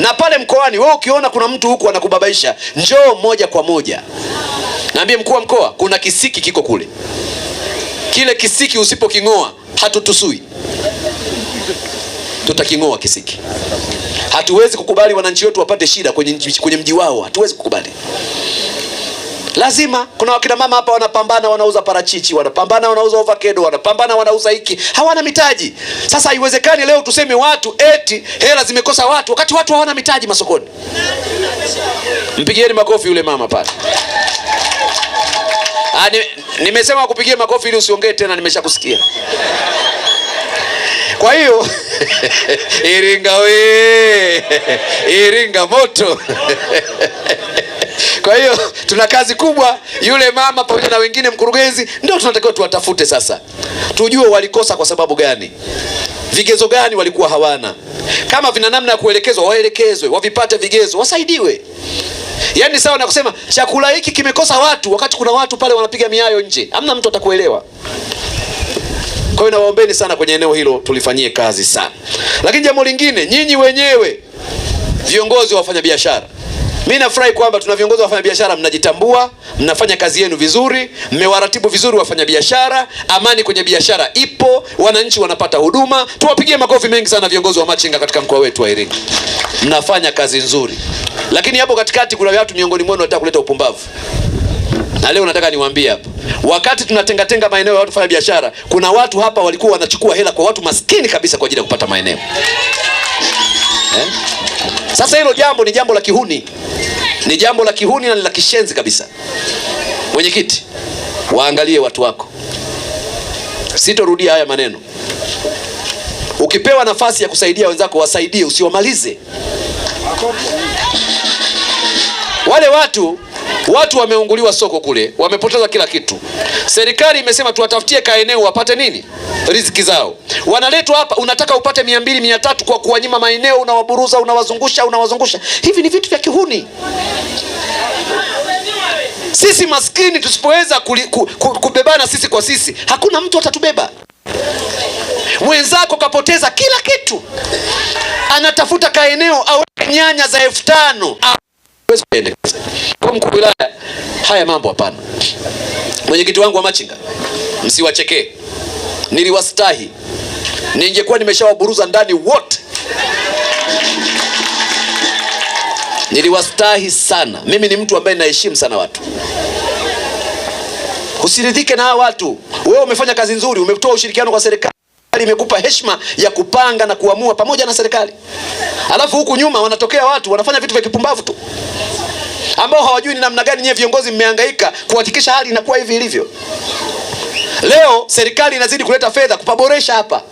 Na pale mkoani wewe ukiona kuna mtu huku anakubabaisha, njoo moja kwa moja, naambie mkuu wa mkoa, kuna kisiki kiko kule, kile kisiki usipoking'oa hatutusui tutaking'oa kisiki. Hatuwezi kukubali wananchi wetu wapate shida kwenye, kwenye mji wao, hatuwezi kukubali. Lazima kuna wakina mama hapa wanapambana, wanauza parachichi, wanapambana, wanauza avocado, wanapambana, wanauza hiki, hawana mitaji. Sasa haiwezekani leo tuseme watu eti hela zimekosa watu, wakati watu hawana mitaji masokoni. Mpigieni makofi yule mama pale. Ah, nimesema kupigia makofi ili usiongee tena, nimeshakusikia. Kwa hiyo Iringa we Iringa moto Kwa hiyo tuna kazi kubwa, yule mama pamoja na wengine, mkurugenzi, ndio tunatakiwa tuwatafute sasa, tujue walikosa kwa sababu gani, vigezo gani walikuwa hawana. Kama vina namna ya kuelekezwa, waelekezwe, wavipate vigezo, wasaidiwe. Yaani sawa na kusema chakula hiki kimekosa watu, wakati kuna watu pale wanapiga miayo nje, hamna mtu atakuelewa. Kwa hiyo nawaombeni sana kwenye eneo hilo tulifanyie kazi sana. Lakini jambo lingine, nyinyi wenyewe viongozi wa wafanyabiashara mimi nafurahi kwamba tuna viongozi wa wafanyabiashara, mnajitambua, mnafanya kazi yenu vizuri, mmewaratibu vizuri wafanyabiashara, amani kwenye biashara ipo, wananchi wanapata huduma. Tuwapigie makofi mengi sana viongozi wa machinga katika mkoa wetu wa Iringa, mnafanya kazi nzuri. Lakini hapo katikati kuna watu miongoni mwenu wanataka kuleta upumbavu, na leo nataka niwaambie hapa, wakati tunatengatenga maeneo ya watu fanya biashara, kuna watu hapa walikuwa wanachukua hela kwa watu maskini kabisa kwa ajili ya kupata maeneo eh? Sasa hilo jambo ni jambo la kihuni. Ni jambo la kihuni na la kishenzi kabisa. Mwenyekiti, waangalie watu wako. Sitorudia haya maneno. Ukipewa nafasi ya kusaidia wenzako, wasaidie, usiwamalize wale watu Watu wameunguliwa soko kule, wamepoteza kila kitu. Serikali imesema tuwatafutie kaeneo wapate nini, riziki zao. Wanaletwa hapa, unataka upate mia mbili mia tatu kwa kuwanyima maeneo, unawaburuza, unawazungusha, unawazungusha. Hivi ni vitu vya kihuni. Sisi maskini tusipoweza ku, kubebana sisi kwa sisi, hakuna mtu atatubeba. Mwenzako kapoteza kila kitu, anatafuta kaeneo au nyanya za elfu tano president kwa mkuu wilaya haya mambo, hapana. Mwenyekiti wangu wa machinga, msiwachekee, niliwastahi. Ningekuwa nimeshawaburuza ndani wote, niliwastahi sana. Mimi ni mtu ambaye naheshimu sana watu. Usiridhike na hawa watu. Wewe umefanya kazi nzuri, umetoa ushirikiano kwa serikali imekupa heshima ya kupanga na kuamua pamoja na serikali, alafu huku nyuma wanatokea watu wanafanya vitu vya kipumbavu tu ambao hawajui ni namna gani nyewe viongozi mmehangaika kuhakikisha hali inakuwa hivi ilivyo leo. Serikali inazidi kuleta fedha kupaboresha hapa.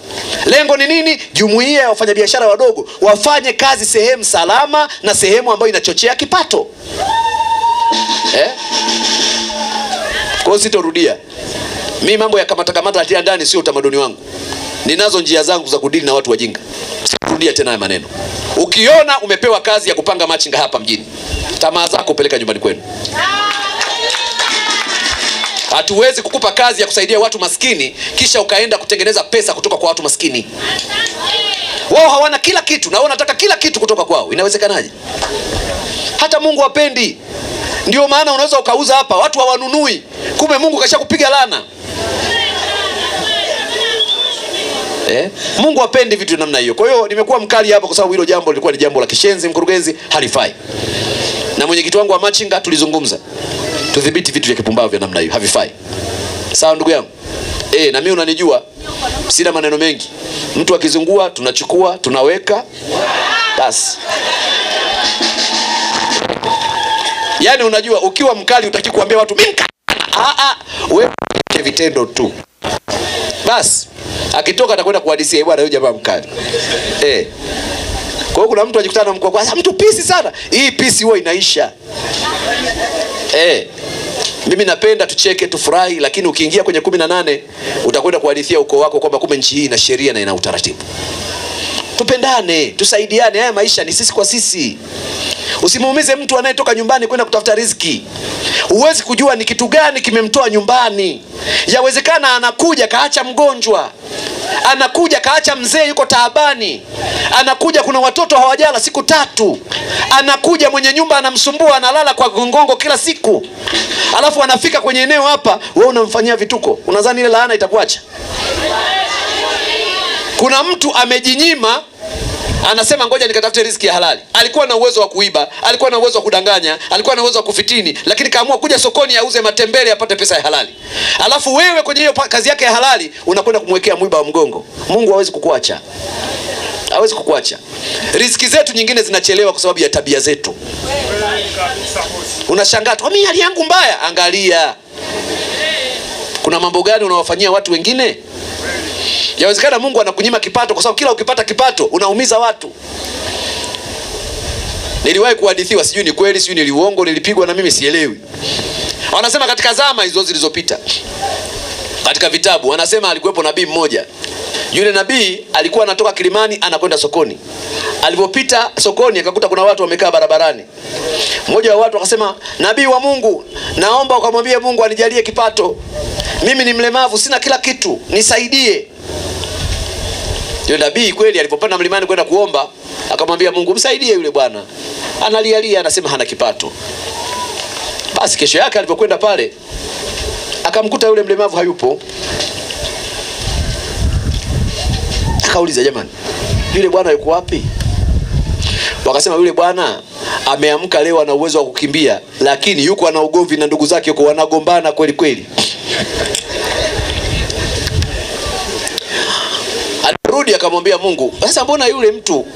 Lengo ni nini? Jumuiya ya wafanyabiashara wadogo wafanye kazi sehemu salama na sehemu ambayo inachochea kipato eh? Kwa hiyo sitorudia mimi mambo ya kamata kamata ndani, sio utamaduni wangu. Ninazo njia zangu za kudili na watu wajinga. Sikurudia tena haya maneno. Ukiona umepewa kazi ya kupanga machinga hapa mjini, tamaa zako upeleka nyumbani kwenu. Hatuwezi kukupa kazi ya kusaidia watu maskini kisha ukaenda kutengeneza pesa kutoka kwa watu maskini. Wao hawana kila kitu na wao wanataka kila kitu kutoka kwao. Inawezekanaje? Hata Mungu hapendi. Ndio maana unaweza ukauza hapa, watu hawanunui, kumbe Mungu kashakupiga lana. Eh? Mungu apendi vitu namna hiyo. Kwa hiyo nimekuwa mkali hapa kwa sababu hilo jambo lilikuwa ni jambo la kishenzi, mkurugenzi, halifai. Na mwenyekiti wangu wa machinga tulizungumza. Tudhibiti vitu vya kipumbavu vya namna hiyo, havifai. Sawa ndugu yangu. Eh, na mimi unanijua. Sina maneno mengi. Mtu akizungua tunachukua, tunaweka. Basi. Yaani unajua ukiwa mkali utaki kuambia watu mimi. Ah ah, wewe vitendo tu. Basi akitoka atakwenda kuhadisia bwana, yule jamaa mkali eh. Kwa hiyo kuna mtu ajikutana na mkwakwasa, ah, mtu pisi sana. Hii pisi huwa inaisha eh. Mimi napenda tucheke, tufurahi, lakini ukiingia kwenye kumi na nane utakwenda kuhadithia ukoo wako kwamba kumbe nchi hii ina sheria na ina utaratibu. Tupendane, tusaidiane. Haya maisha ni sisi kwa sisi. Usimuumize mtu anayetoka nyumbani kwenda kutafuta riziki. Huwezi kujua ni kitu gani kimemtoa nyumbani. Yawezekana anakuja kaacha mgonjwa, anakuja kaacha mzee yuko taabani, anakuja kuna watoto hawajala siku tatu, anakuja mwenye nyumba anamsumbua, analala kwa gongongo kila siku, alafu anafika kwenye eneo hapa, wewe unamfanyia vituko. Unadhani ile laana itakuacha? Kuna mtu amejinyima anasema ngoja nikatafute riziki ya halali. Alikuwa na uwezo wa kuiba, alikuwa na uwezo wa kudanganya, alikuwa na uwezo wa kufitini, lakini kaamua kuja sokoni auze matembele apate pesa ya halali. Alafu wewe kwenye hiyo kazi yake ya halali unakwenda kumwekea mwiba wa mgongo. Mungu hawezi kukuacha, hawezi kukuacha. Riziki zetu nyingine zinachelewa kwa sababu ya tabia zetu. Unashangaa tu mimi hali yangu mbaya. Angalia kuna mambo gani unawafanyia watu wengine. Yawezekana Mungu anakunyima kipato, kwa sababu kila ukipata kipato unaumiza watu. Niliwahi kuhadithiwa, sijui ni kweli, sijui niliuongo, nilipigwa na mimi sielewi. Wanasema katika zama hizo zilizopita, katika vitabu wanasema alikuwepo nabii mmoja. Yule nabii alikuwa anatoka kilimani anakwenda sokoni. Alipopita sokoni, akakuta kuna watu wamekaa barabarani. Mmoja wa watu akasema, nabii wa Mungu, naomba ukamwambie Mungu anijalie kipato. Mimi ni mlemavu, sina kila kitu, nisaidie. Yule nabii kweli alipopanda mlimani kwenda kuomba, akamwambia Mungu, msaidie yule bwana, analialia, anasema hana kipato. Basi kesho yake alipokwenda pale, akamkuta yule mlemavu hayupo. Akauliza, jamani, yule bwana yuko wapi? Wakasema yule bwana ameamka leo, ana uwezo wa kukimbia, lakini yuko ana ugomvi na ndugu zake, yuko wanagombana kweli kweli. Daudi akamwambia Mungu, sasa mbona yule mtu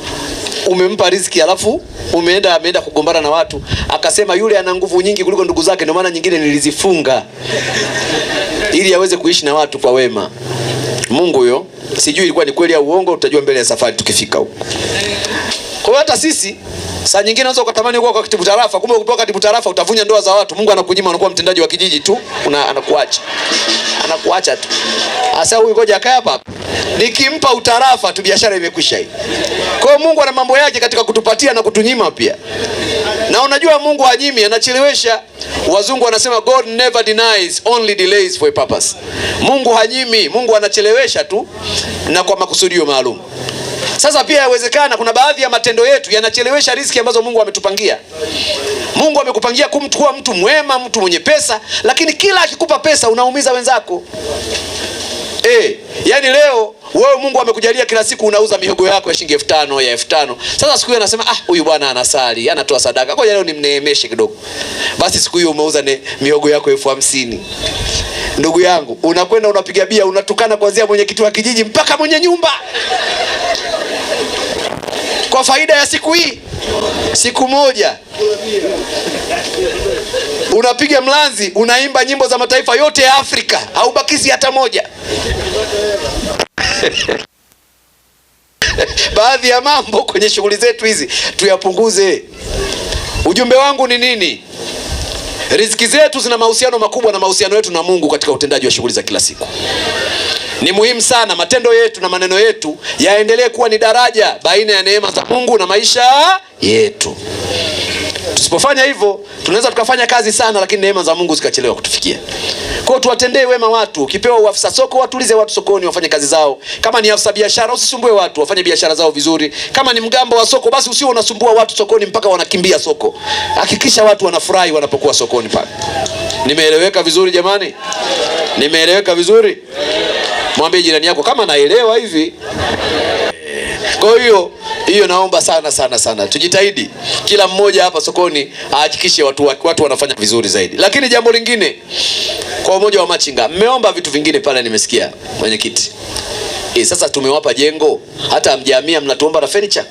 umempa riziki alafu umeenda ameenda kugombana na watu? Akasema yule ana nguvu nyingi kuliko ndugu zake, ndio maana nyingine nilizifunga ili aweze kuishi na watu kwa wema. Mungu huyo, sijui ilikuwa ni kweli au uongo, utajua mbele ya safari tukifika huko. Kwa hata sisi saa nyingine unaweza ukatamani kuwa kwa katibu tarafa, kumbe ukipewa katibu tarafa utavunja ndoa za watu. Mungu anakunyima, unakuwa mtendaji wa kijiji tu, una anakuacha anakuacha tu. Asa huyu ngoja akae hapa nikimpa utarafa tu biashara imekwisha hii. Kwa hiyo Mungu ana mambo yake katika kutupatia na kutunyima pia, na unajua Mungu hanyimi, anachelewesha. Wazungu wanasema God never denies, only delays for a purpose. Mungu hanyimi, Mungu anachelewesha tu na kwa makusudio maalum. Sasa pia yawezekana kuna baadhi ya matendo yetu yanachelewesha riziki ambazo Mungu ametupangia. Mungu amekupangia kumchukua mtu mwema, mtu mwenye pesa, lakini kila akikupa pesa unaumiza wenzako. Eh, yani leo wewe Mungu amekujalia kila siku unauza mihogo yako ya shilingi elfu tano ya elfu tano Sasa siku hiyo anasema ah, huyu bwana anasali, anatoa sadaka. Ngoja leo nimneemeshe kidogo. Basi siku hiyo umeuza ne mihogo yako elfu hamsini. Ndugu yangu, unakwenda unapiga bia, unatukana kuanzia mwenyekiti wa kijiji mpaka mwenye nyumba. Kwa faida ya siku hii, siku moja unapiga mlanzi, unaimba nyimbo za mataifa yote ya Afrika, haubakizi hata moja. Baadhi ya mambo kwenye shughuli zetu hizi tuyapunguze. Ujumbe wangu ni nini? Riziki zetu zina mahusiano makubwa na mahusiano yetu na Mungu katika utendaji wa shughuli za kila siku. Ni muhimu sana matendo yetu na maneno yetu yaendelee kuwa ni daraja baina ya neema za Mungu na maisha yetu tusipofanya hivyo tunaweza tukafanya kazi sana, lakini neema za Mungu zikachelewa kutufikia. Kwa hiyo tuwatendee wema watu. Ukipewa uafisa soko, watulize watu sokoni, wafanye kazi zao. Kama ni afisa biashara, usisumbue watu, wafanye biashara zao vizuri. Kama ni mgambo wa soko, basi usio unasumbua watu sokoni mpaka wanakimbia soko. Hakikisha watu wanafurahi wanapokuwa sokoni pale. Nimeeleweka vizuri jamani? Nimeeleweka vizuri? Mwambie jirani yako kama naelewa hivi. Kwa hiyo hiyo naomba sana sana sana tujitahidi, kila mmoja hapa sokoni ahakikishe watu, watu wanafanya vizuri zaidi. Lakini jambo lingine kwa umoja wa machinga, mmeomba vitu vingine pale, nimesikia mwenyekiti. E, sasa tumewapa jengo hata mjamia mnatuomba na furniture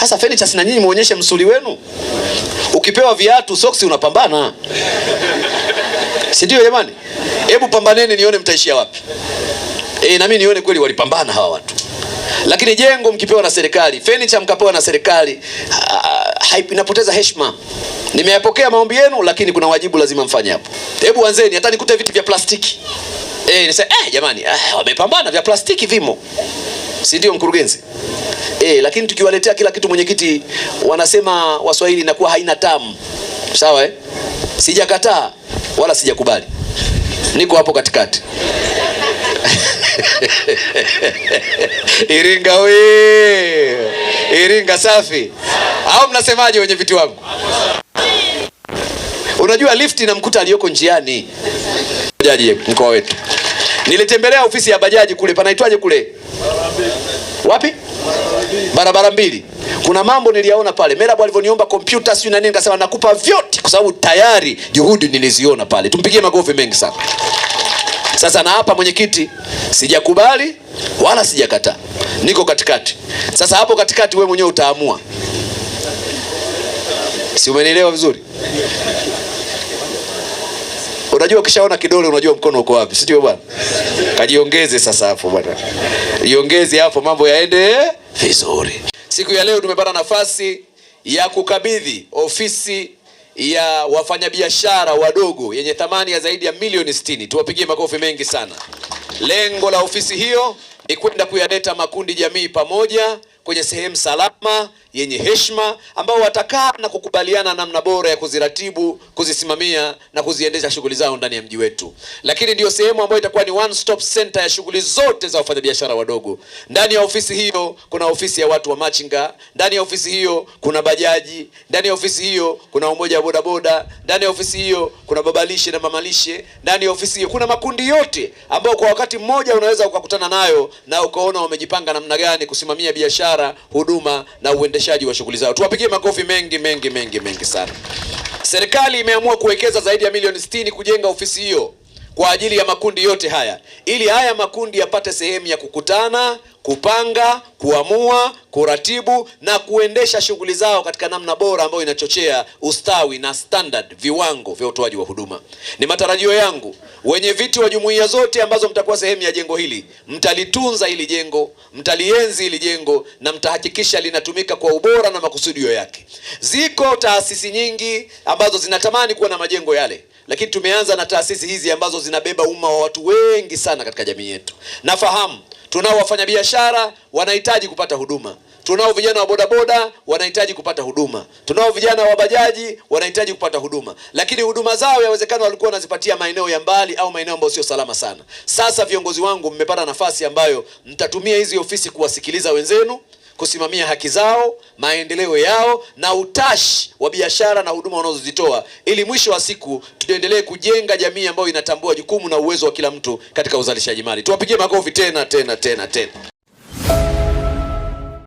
sasa furniture sina nyinyi, muonyeshe msuli wenu. Ukipewa viatu socks unapambana, si ndio jamani? Hebu pambaneni nione mtaishia wapi. E, na mimi nione kweli walipambana hawa watu. Lakini jengo mkipewa na serikali, furniture mkapewa na serikali, ah, ah, inapoteza heshima. Nimeyapokea maombi yenu, lakini kuna wajibu lazima mfanye hapo. Hebu anzeni, hata nikute viti vya plastiki eh, nise, eh jamani eh, wamepambana vya plastiki vimo, si ndio mkurugenzi? Eh, lakini tukiwaletea kila kitu mwenyekiti, wanasema Waswahili inakuwa haina tamu. Sawa eh? Sijakataa wala sijakubali, niko hapo katikati. Iringa we, Iringa safi au mnasemaje wenye viti wangu? Unajua lift na mkuta aliyoko njiani bajaji mkoa wetu. Nilitembelea ofisi ya bajaji kule, panaitwaje kule wapi, barabara mbili. Kuna mambo niliyaona pale, Merabu alivyoniomba kompyuta sijui na nini, nikasema nakupa vyote, kwa sababu tayari juhudi niliziona pale. Tumpigie magofi mengi sana. Sasa na hapa, mwenyekiti, sijakubali wala sijakataa, niko katikati. Sasa hapo katikati wewe mwenyewe utaamua, si umenielewa vizuri? Unajua, ukishaona kidole unajua mkono uko wapi, si ndio bwana? Kajiongeze sasa hapo bwana, iongeze hapo, mambo yaende vizuri. Siku ya leo tumepata nafasi ya kukabidhi ofisi ya wafanyabiashara wadogo yenye thamani ya zaidi ya milioni 60. Tuwapigie makofi mengi sana. Lengo la ofisi hiyo ni kwenda kuyaleta makundi jamii pamoja kwenye sehemu salama yenye heshima, ambao watakaa na kukubaliana namna bora ya kuziratibu, kuzisimamia na kuziendesha shughuli zao ndani ya mji wetu. Lakini ndiyo sehemu ambayo itakuwa ni one stop center ya shughuli zote za wafanyabiashara wadogo. Ndani ya ofisi hiyo kuna ofisi ya watu wa machinga, ndani ya ofisi hiyo kuna bajaji, ndani ya ofisi hiyo kuna umoja wa bodaboda, ndani ya ofisi hiyo kuna babalishe na mamalishe, ndani ya ofisi hiyo kuna makundi yote ambayo kwa wakati mmoja unaweza ukakutana nayo na ukaona wamejipanga namna gani kusimamia biashara biashara, huduma na uendeshaji wa shughuli zao. Tuwapigie makofi mengi mengi mengi mengi sana. Serikali imeamua kuwekeza zaidi ya milioni 60 kujenga ofisi hiyo kwa ajili ya makundi yote haya, ili haya makundi yapate sehemu ya kukutana, kupanga, kuamua, kuratibu na kuendesha shughuli zao katika namna bora ambayo inachochea ustawi na standard, viwango vya utoaji wa huduma. Ni matarajio yangu wenye viti wa jumuiya zote ambazo mtakuwa sehemu ya jengo hili, mtalitunza hili jengo, mtalienzi hili jengo na mtahakikisha linatumika kwa ubora na makusudio yake. Ziko taasisi nyingi ambazo zinatamani kuwa na majengo yale lakini tumeanza na taasisi hizi ambazo zinabeba umma wa watu wengi sana katika jamii yetu. Nafahamu tunao wafanyabiashara wanahitaji kupata huduma, tunao vijana wa bodaboda wanahitaji kupata huduma, tunao vijana wa bajaji wanahitaji kupata huduma, lakini huduma zao yawezekana walikuwa wanazipatia maeneo ya mbali au maeneo ambayo sio salama sana. Sasa viongozi wangu, mmepata nafasi ambayo mtatumia hizi ofisi kuwasikiliza wenzenu kusimamia haki zao, maendeleo yao na utashi wa biashara na huduma wanazozitoa, ili mwisho wa siku tuendelee kujenga jamii ambayo inatambua jukumu na uwezo wa kila mtu katika uzalishaji mali. Tuwapigie makofi tena tena tena tena.